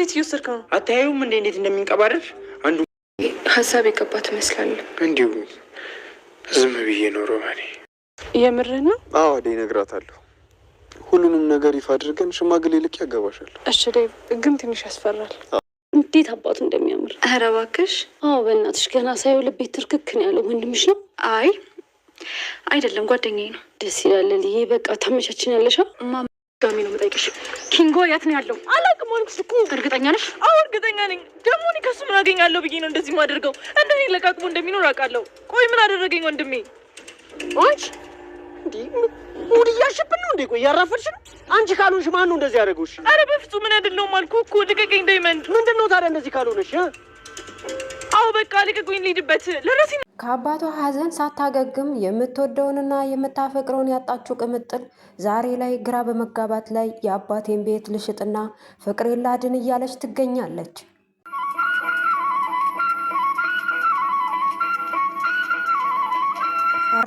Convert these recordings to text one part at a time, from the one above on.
ወዴት እየወሰድከው ነው? አታየውም እንዴ እንዴት እንደሚንቀባረር አንዱ ሀሳብ የገባ ትመስላለህ። እንዲሁ ዝም ብዬ ኖሮ ማኔ የምርህ ነው? አዎ አደይ እነግራታለሁ። ሁሉንም ነገር ይፋ አድርገን ሽማግሌ ልክ ያገባሻል። እሺ ዴቭ፣ ግን ትንሽ ያስፈራል። እንዴት አባቱ እንደሚያምር ኧረ እባክሽ። አዎ በእናትሽ ገና ሳየው ልቤት ትርክክ ነው ያለው። ወንድምሽ ነው? አይ አይደለም፣ ጓደኛዬ ነው። ደስ ይላል። ልዬ በቃ ታመቻችን ያለሻ ማሚ ነው የምጠይቅሽ። ኪንጎ የት ነው ያለው? ማንክስ እኮ እርግጠኛ ነሽ? አዎ እርግጠኛ ነኝ። ደግሞ እኔ ከሱ ምን አገኛለሁ ብዬ ነው እንደዚህ ማደርገው። እንደኔ ለቃቅሞ እንደሚኖር አውቃለሁ። ቆይ ምን አደረገኝ ወንድሜ? አንቺ እንዲህ ሙድ እያሽብን ነው እንዴ? ቆይ ያራፈልሽ ነው አንቺ። ካልሆንሽ ማን ነው እንደዚህ ያደረጉሽ? አረ በፍጹም ምን አይደለሁም አልኩህ እኮ ልቀቀኝ ዳይመንድ። ምንድን ነው ታዲያ እንደዚህ ካልሆነሽ በቃ ልሂድበት ለራሴ ከአባቷ ሀዘን ሳታገግም የምትወደውንና የምታፈቅረውን ያጣችው ቅምጥል ዛሬ ላይ ግራ በመጋባት ላይ የአባቴን ቤት ልሽጥና ፍቅሬን ላድን እያለች ትገኛለች።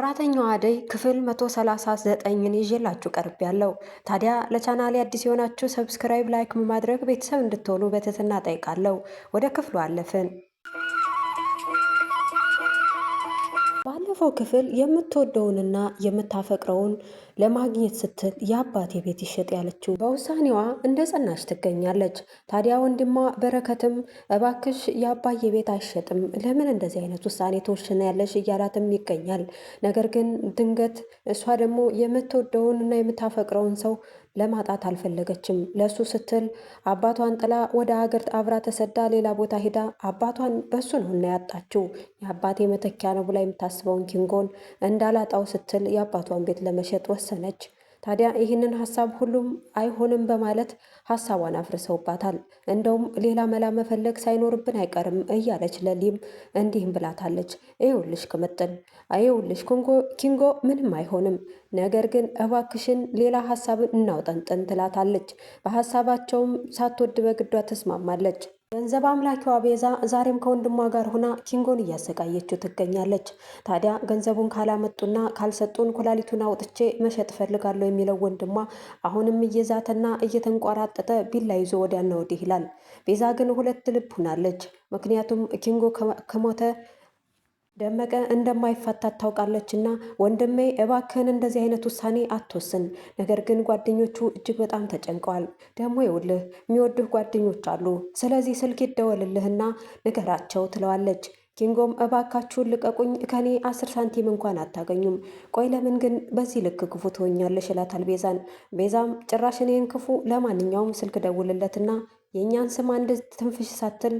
ሰራተኛዋ አደይ ክፍል 139ን ይዤላችሁ ቀርብ ያለው። ታዲያ ለቻናሌ አዲስ የሆናችሁ ሰብስክራይብ፣ ላይክ በማድረግ ቤተሰብ እንድትሆኑ በትህትና ጠይቃለሁ። ወደ ክፍሉ አለፍን። ባለፈው ክፍል የምትወደውንና የምታፈቅረውን ለማግኘት ስትል የአባቴ ቤት ይሸጥ ያለችው በውሳኔዋ እንደ ጸናች ትገኛለች። ታዲያ ወንድሟ በረከትም እባክሽ የአባዬ ቤት አይሸጥም፣ ለምን እንደዚህ አይነት ውሳኔ ተወሽነ ያለሽ እያላትም ይገኛል። ነገር ግን ድንገት እሷ ደግሞ የምትወደውን እና የምታፈቅረውን ሰው ለማጣት አልፈለገችም። ለሱ ስትል አባቷን ጥላ ወደ ሀገር አብራ ተሰዳ ሌላ ቦታ ሄዳ አባቷን በሱ ነውና ያጣችው የአባቴ መተኪያ ነው ብላ የምታስበውን ኪንጎን እንዳላጣው ስትል የአባቷን ቤት ለመሸጥ ወሰነች። ታዲያ ይህንን ሀሳብ ሁሉም አይሆንም በማለት ሀሳቧን አፍርሰውባታል። እንደውም ሌላ መላ መፈለግ ሳይኖርብን አይቀርም እያለች ለሊም እንዲህም ብላታለች። ይኸውልሽ ቅምጥል፣ ይኸውልሽ ኪንጎ፣ ምንም አይሆንም ነገር ግን እባክሽን ሌላ ሀሳብን እናውጠንጥን ትላታለች። በሀሳባቸውም ሳትወድ በግዷ ተስማማለች። ገንዘብ አምላኪዋ ቤዛ ዛሬም ከወንድሟ ጋር ሆና ኪንጎን እያሰቃየችው ትገኛለች። ታዲያ ገንዘቡን ካላመጡና ካልሰጡን ኩላሊቱን አውጥቼ መሸጥ ፈልጋለሁ የሚለው ወንድሟ አሁንም እየዛተና እየተንቋራጠጠ ቢላ ይዞ ወዲያና ወዲህ ይላል። ቤዛ ግን ሁለት ልብ ሆናለች። ምክንያቱም ኪንጎ ከሞተ ደመቀ እንደማይፈታት ታውቃለች እና ወንድሜ እባክህን እንደዚህ አይነት ውሳኔ አትወስን። ነገር ግን ጓደኞቹ እጅግ በጣም ተጨንቀዋል። ደግሞ ይውልህ የሚወድህ ጓደኞች አሉ። ስለዚህ ስልክ ይደወልልህና ንገራቸው ትለዋለች። ኪንጎም እባካችሁን ልቀቁኝ፣ ከኔ አስር ሳንቲም እንኳን አታገኙም። ቆይ ለምን ግን በዚህ ልክ ክፉ ትሆኛለሽ? ይላታል ቤዛን። ቤዛም ጭራሽ እኔን ክፉ፣ ለማንኛውም ስልክ ደውልለትና የእኛን ስም አንድ ትንፍሽ ሳትል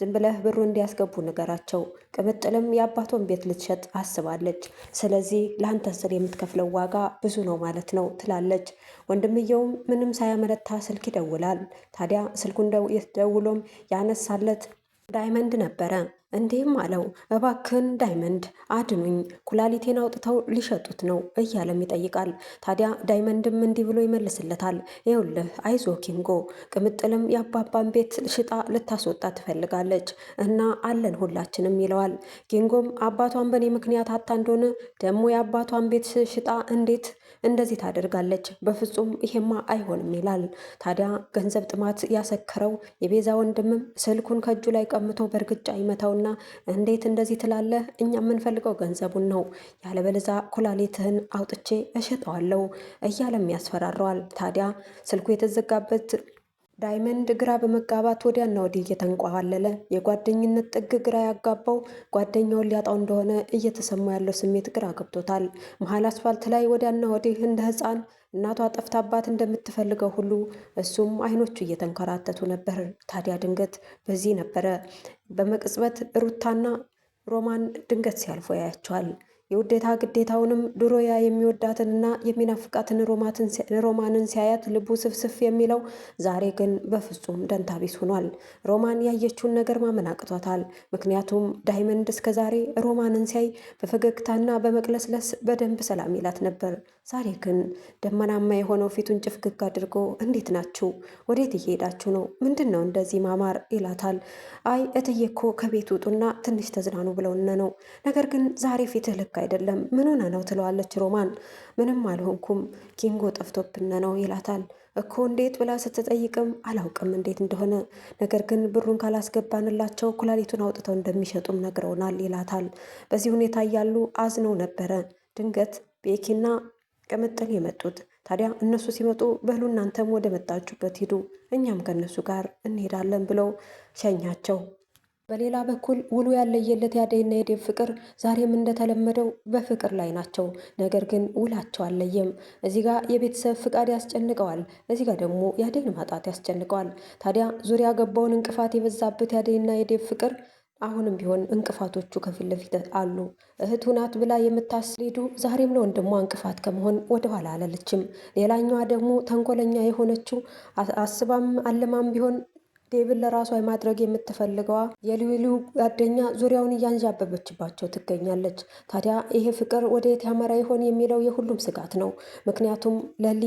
ዝም ብለህ ብሩ እንዲያስገቡ ንገራቸው። ቅምጥልም የአባቷን ቤት ልትሸጥ አስባለች። ስለዚህ ለአንተ ስል የምትከፍለው ዋጋ ብዙ ነው ማለት ነው ትላለች። ወንድምየውም ምንም ሳያመረታ ስልክ ይደውላል። ታዲያ ስልኩን ደውሎም ያነሳለት ዳይመንድ ነበረ። እንዲህም አለው እባክን ዳይመንድ አድኑኝ፣ ኩላሊቴን አውጥተው ሊሸጡት ነው እያለም ይጠይቃል። ታዲያ ዳይመንድም እንዲህ ብሎ ይመልስለታል፣ ይውልህ አይዞ ኪንጎ፣ ቅምጥልም የአባባን ቤት ሽጣ ልታስወጣ ትፈልጋለች እና አለን ሁላችንም ይለዋል። ኪንጎም አባቷን በእኔ ምክንያት አታ እንደሆነ ደግሞ የአባቷን ቤት ሽጣ እንዴት እንደዚህ ታደርጋለች፣ በፍጹም ይሄማ አይሆንም ይላል። ታዲያ ገንዘብ ጥማት ያሰከረው የቤዛ ወንድምም ስልኩን ከእጁ ላይ ቀምቶ በእርግጫ ይመታውና እንዴት እንደዚህ ትላለህ? እኛ የምንፈልገው ገንዘቡን ነው፣ ያለበለዛ ኩላሊትህን አውጥቼ እሸጠዋለሁ እያለም ያስፈራረዋል። ታዲያ ስልኩ የተዘጋበት ዳይመንድ ግራ በመጋባት ወዲያና ወዲህ እየተንቋዋለለ የጓደኝነት ጥግ ግራ ያጋባው ጓደኛውን ሊያጣው እንደሆነ እየተሰማ ያለው ስሜት ግራ ገብቶታል። መሀል አስፋልት ላይ ወዲያና ወዲህ እንደ ሕፃን እናቷ ጠፍታባት እንደምትፈልገው ሁሉ እሱም አይኖቹ እየተንከራተቱ ነበር። ታዲያ ድንገት በዚህ ነበረ በመቅጽበት ሩታና ሮማን ድንገት ሲያልፎ ያያቸዋል። የውዴታ ግዴታውንም ድሮያ የሚወዳትንና የሚናፍቃትን ሮማንን ሲያያት ልቡ ስፍስፍ የሚለው ዛሬ ግን በፍጹም ደንታቢስ ሆኗል። ሮማን ያየችውን ነገር ማመን አቅቷታል። ምክንያቱም ዳይመንድ እስከዛሬ ሮማንን ሲያይ በፈገግታና በመቅለስለስ በደንብ ሰላም ይላት ነበር። ዛሬ ግን ደመናማ የሆነው ፊቱን ጭፍግግ አድርጎ እንዴት ናችሁ? ወዴት እየሄዳችሁ ነው? ምንድን ነው እንደዚህ ማማር? ይላታል። አይ እትዬ እኮ ከቤት ውጡና ትንሽ ተዝናኑ ብለውነ ነው። ነገር ግን ዛሬ ፊትህ ልክ አይደለም። ምን ሆነ ነው ትለዋለች ሮማን። ምንም አልሆንኩም ኪንጎ ጠፍቶብነ ነው ይላታል። እኮ እንዴት ብላ ስትጠይቅም አላውቅም እንዴት እንደሆነ ነገር ግን ብሩን ካላስገባንላቸው ኩላሊቱን አውጥተው እንደሚሸጡም ነግረውናል ይላታል። በዚህ ሁኔታ እያሉ አዝነው ነበረ ድንገት ቤኪና ቅምጥል የመጡት። ታዲያ እነሱ ሲመጡ በሉ እናንተም ወደ መጣችሁበት ሂዱ፣ እኛም ከእነሱ ጋር እንሄዳለን ብለው ሸኛቸው። በሌላ በኩል ውሉ ያለየለት የአደይና የዴብ ፍቅር ዛሬም እንደተለመደው በፍቅር ላይ ናቸው። ነገር ግን ውላቸው አለየም። እዚህ ጋ የቤተሰብ ፍቃድ ያስጨንቀዋል፣ እዚህ ጋ ደግሞ የአደይን ማጣት ያስጨንቀዋል። ታዲያ ዙሪያ ገባውን እንቅፋት የበዛበት የአደይና የዴብ ፍቅር አሁንም ቢሆን እንቅፋቶቹ ከፊት ለፊት አሉ። እህቱ ናት ብላ የምታስሌዱ ዛሬም ለወንድሟ እንቅፋት ከመሆን ወደኋላ አላለችም። ሌላኛዋ ደግሞ ተንኮለኛ የሆነችው አስባም አለማም ቢሆን ዴብን ለራሷ ማድረግ የምትፈልገዋ የልዊሊው ጓደኛ ዙሪያውን እያንዣበበችባቸው ትገኛለች። ታዲያ ይሄ ፍቅር ወደ የት ያመራ ይሆን የሚለው የሁሉም ስጋት ነው። ምክንያቱም ለሊ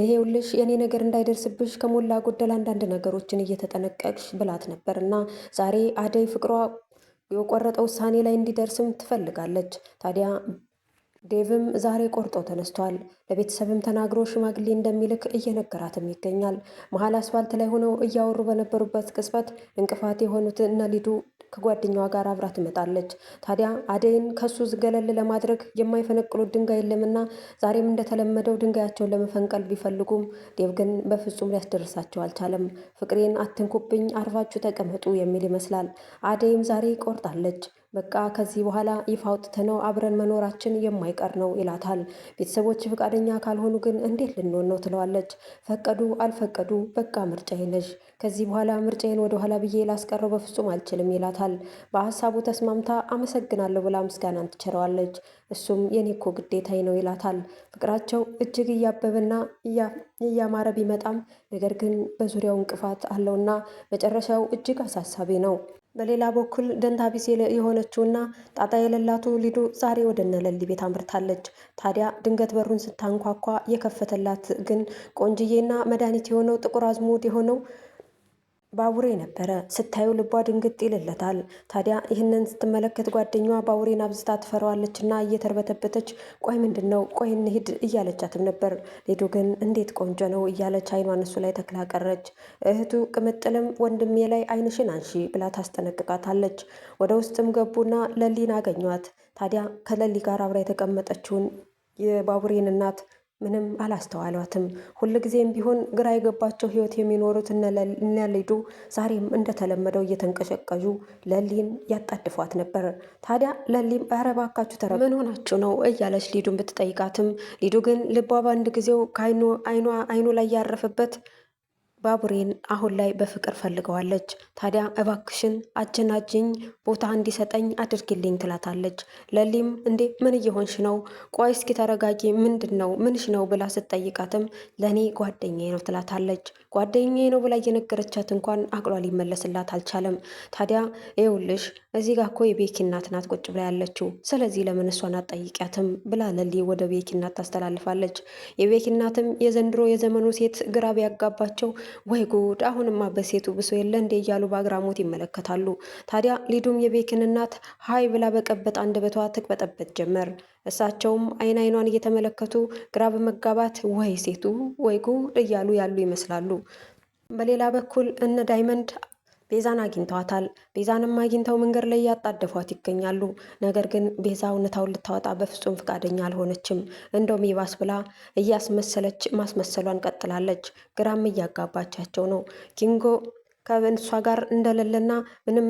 ይሄውልሽ የኔ ነገር እንዳይደርስብሽ ከሞላ ጎደል አንዳንድ ነገሮችን እየተጠነቀቅሽ ብላት ነበር እና ዛሬ አደይ ፍቅሯ የቆረጠ ውሳኔ ላይ እንዲደርስም ትፈልጋለች ታዲያ ዴቭም ዛሬ ቆርጦ ተነስቷል። ለቤተሰብም ተናግሮ ሽማግሌ እንደሚልክ እየነገራትም ይገኛል። መሀል አስፋልት ላይ ሆነው እያወሩ በነበሩበት ቅጽበት እንቅፋት የሆኑት እነ ሊዱ ከጓደኛዋ ጋር አብራ ትመጣለች። ታዲያ አደይን ከሱ ገለል ለማድረግ የማይፈነቅሉት ድንጋይ የለምና ዛሬም እንደተለመደው ድንጋያቸውን ለመፈንቀል ቢፈልጉም ዴቭ ግን በፍጹም ሊያስደርሳቸው አልቻለም። ፍቅሬን አትንኩብኝ፣ አርፋችሁ ተቀመጡ የሚል ይመስላል። አደይም ዛሬ ቆርጣለች። በቃ ከዚህ በኋላ ይፋ አውጥተነው አብረን መኖራችን የማይቀር ነው ይላታል። ቤተሰቦች ፈቃደኛ ካልሆኑ ግን እንዴት ልንሆን ነው ትለዋለች። ፈቀዱ አልፈቀዱ በቃ ምርጫዬ ነሽ። ከዚህ በኋላ ምርጫዬን ወደ ኋላ ብዬ ላስቀረው በፍጹም አልችልም ይላታል። በሀሳቡ ተስማምታ አመሰግናለሁ ብላ ምስጋናን ትቸረዋለች። እሱም የኔ እኮ ግዴታዬ ነው ይላታል። ፍቅራቸው እጅግ እያበበና እያማረ ቢመጣም ነገር ግን በዙሪያው እንቅፋት አለውና መጨረሻው እጅግ አሳሳቢ ነው። በሌላ በኩል ደንታ ቢስ የሆነችውና ጣጣ የሌላቱ ሊዱ ዛሬ ወደ እነለሊ ቤት አምርታለች። ታዲያ ድንገት በሩን ስታንኳኳ የከፈተላት ግን ቆንጅዬና መድኃኒት የሆነው ጥቁር አዝሙድ የሆነው ባቡሬ ነበረ። ስታየው ልቧ ድንግጥ ይልለታል። ታዲያ ይህንን ስትመለከት ጓደኛዋ ባቡሬን አብዝታ ትፈረዋለች እና እየተርበተበተች ቆይ ምንድን ነው ቆይ እንሂድ እያለቻትም ነበር። ሌዶ ግን እንዴት ቆንጆ ነው እያለች አይኗን እሱ ላይ ተክላ ቀረች። እህቱ ቅምጥልም ወንድሜ ላይ አይንሽን አንሺ ብላ ታስጠነቅቃታለች። ወደ ውስጥም ገቡና ለሊን አገኟት። ታዲያ ከለሊ ጋር አብራ የተቀመጠችውን የባቡሬን እናት ምንም አላስተዋሏትም። ሁልጊዜም ቢሆን ግራ የገባቸው ህይወት የሚኖሩት እነ ሊዱ ዛሬም እንደተለመደው እየተንቀሸቀዡ ለሊን ያጣድፏት ነበር። ታዲያ ለሊም ኧረ እባካችሁ ተረ ምን ሆናችሁ ነው እያለች ሊዱን ብትጠይቃትም ሊዱ ግን ልቧ በአንድ ጊዜው ከአይኗ አይኑ ላይ ያረፈበት ባቡሬን አሁን ላይ በፍቅር ፈልገዋለች። ታዲያ እባክሽን አጀናጅኝ ቦታ እንዲሰጠኝ አድርግልኝ ትላታለች። ለሊም እንዴ ምን እየሆንሽ ነው? ቆይ እስኪ ተረጋጊ፣ ምንድን ነው ምንሽ ነው ብላ ስትጠይቃትም ለእኔ ጓደኛዬ ነው ትላታለች። ጓደኛዬ ነው ብላ እየነገረቻት እንኳን አቅሏ ሊመለስላት አልቻለም። ታዲያ ይኸውልሽ እዚህ ጋር እኮ የቤኪ እናት ናት ቁጭ ብላ ያለችው፣ ስለዚህ ለምን እሷን አጠይቂያትም ብላ ለሊ ወደ ቤኪ እናት ታስተላልፋለች። የቤኪ እናትም የዘንድሮ የዘመኑ ሴት ግራ ቢያጋባቸው ወይ ጉድ፣ አሁንማ በሴቱ ብሶ የለ እንዴ እያሉ በአግራሞት ይመለከታሉ። ታዲያ ሊዱም የቤኪን እናት ሀይ ብላ በቀበጥ አንደበቷ ትቅበጠበት ጀመር። እሳቸውም አይን አይኗን እየተመለከቱ ግራ በመጋባት ወይ ሴቱ ወይ ጉድ እያሉ ያሉ ይመስላሉ። በሌላ በኩል እነ ዳይመንድ ቤዛን አግኝተዋታል። ቤዛንም አግኝተው መንገድ ላይ ያጣደፏት ይገኛሉ። ነገር ግን ቤዛ እውነታውን ልታወጣ በፍጹም ፈቃደኛ አልሆነችም። እንደውም ይባስ ብላ እያስመሰለች ማስመሰሏን ቀጥላለች። ግራም እያጋባቻቸው ነው ኪንጎ ከእሷ ጋር እንደሌለና ምንም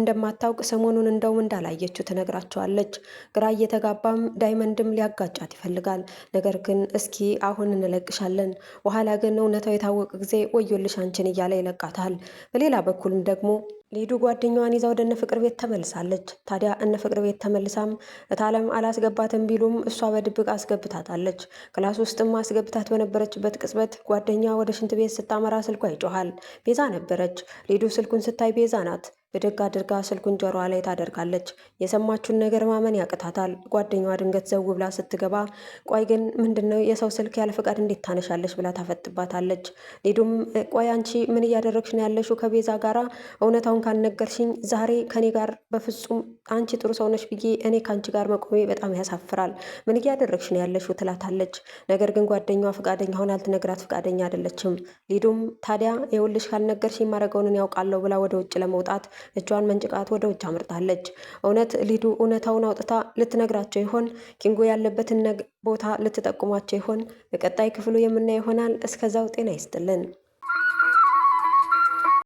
እንደማታውቅ ሰሞኑን እንደውም እንዳላየችው ትነግራቸዋለች። ግራ እየተጋባም ዳይመንድም ሊያጋጫት ይፈልጋል። ነገር ግን እስኪ አሁን እንለቅሻለን፣ በኋላ ግን እውነታው የታወቀ ጊዜ ወዮልሽ አንቺን እያለ ይለቃታል። በሌላ በኩልም ደግሞ ሊዱ ጓደኛዋን ይዛ ወደ እነ ፍቅር ቤት ተመልሳለች። ታዲያ እነ ፍቅር ቤት ተመልሳም እታለም አላስገባትም ቢሉም እሷ በድብቅ አስገብታታለች። ክላስ ውስጥም አስገብታት በነበረችበት ቅጽበት ጓደኛዋ ወደ ሽንት ቤት ስታመራ ስልኳ ይጮኋል። ቤዛ ነበረች። ሊዱ ስልኩን ስታይ ቤዛ ናት። ብድግ አድርጋ ስልኩን ጆሮዋ ላይ ታደርጋለች። የሰማችውን ነገር ማመን ያቅታታል። ጓደኛዋ ድንገት ዘው ብላ ስትገባ ቆይ ግን ምንድን ነው የሰው ስልክ ያለ ፈቃድ እንዴት ታነሻለች? ብላ ታፈጥባታለች። ሌዱም ቆይ አንቺ ምን እያደረግሽ ነው ያለሽው ከቤዛ ጋራ? እውነታውን ካልነገርሽኝ ዛሬ ከኔ ጋር በፍጹም አንቺ ጥሩ ሰውነች ብዬ እኔ ከአንቺ ጋር መቆሜ በጣም ያሳፍራል። ምን እያደረግሽ ነው ያለሽው? ትላታለች። ነገር ግን ጓደኛዋ ፈቃደኛ ሆና ልትነግራት ፈቃደኛ አይደለችም። ሊዱም ታዲያ የውልሽ ካልነገርሽ የማደርገውን ያውቃለሁ ብላ ወደ ውጭ ለመውጣት እጇን መንጭቃት ወደ ውጭ አምርጣለች። እውነት ሊዱ እውነታውን አውጥታ ልትነግራቸው ይሆን? ኪንጎ ያለበትን ቦታ ልትጠቁማቸው ይሆን? በቀጣይ ክፍሉ የምናየው ይሆናል። እስከዛው ጤና ይስጥልን።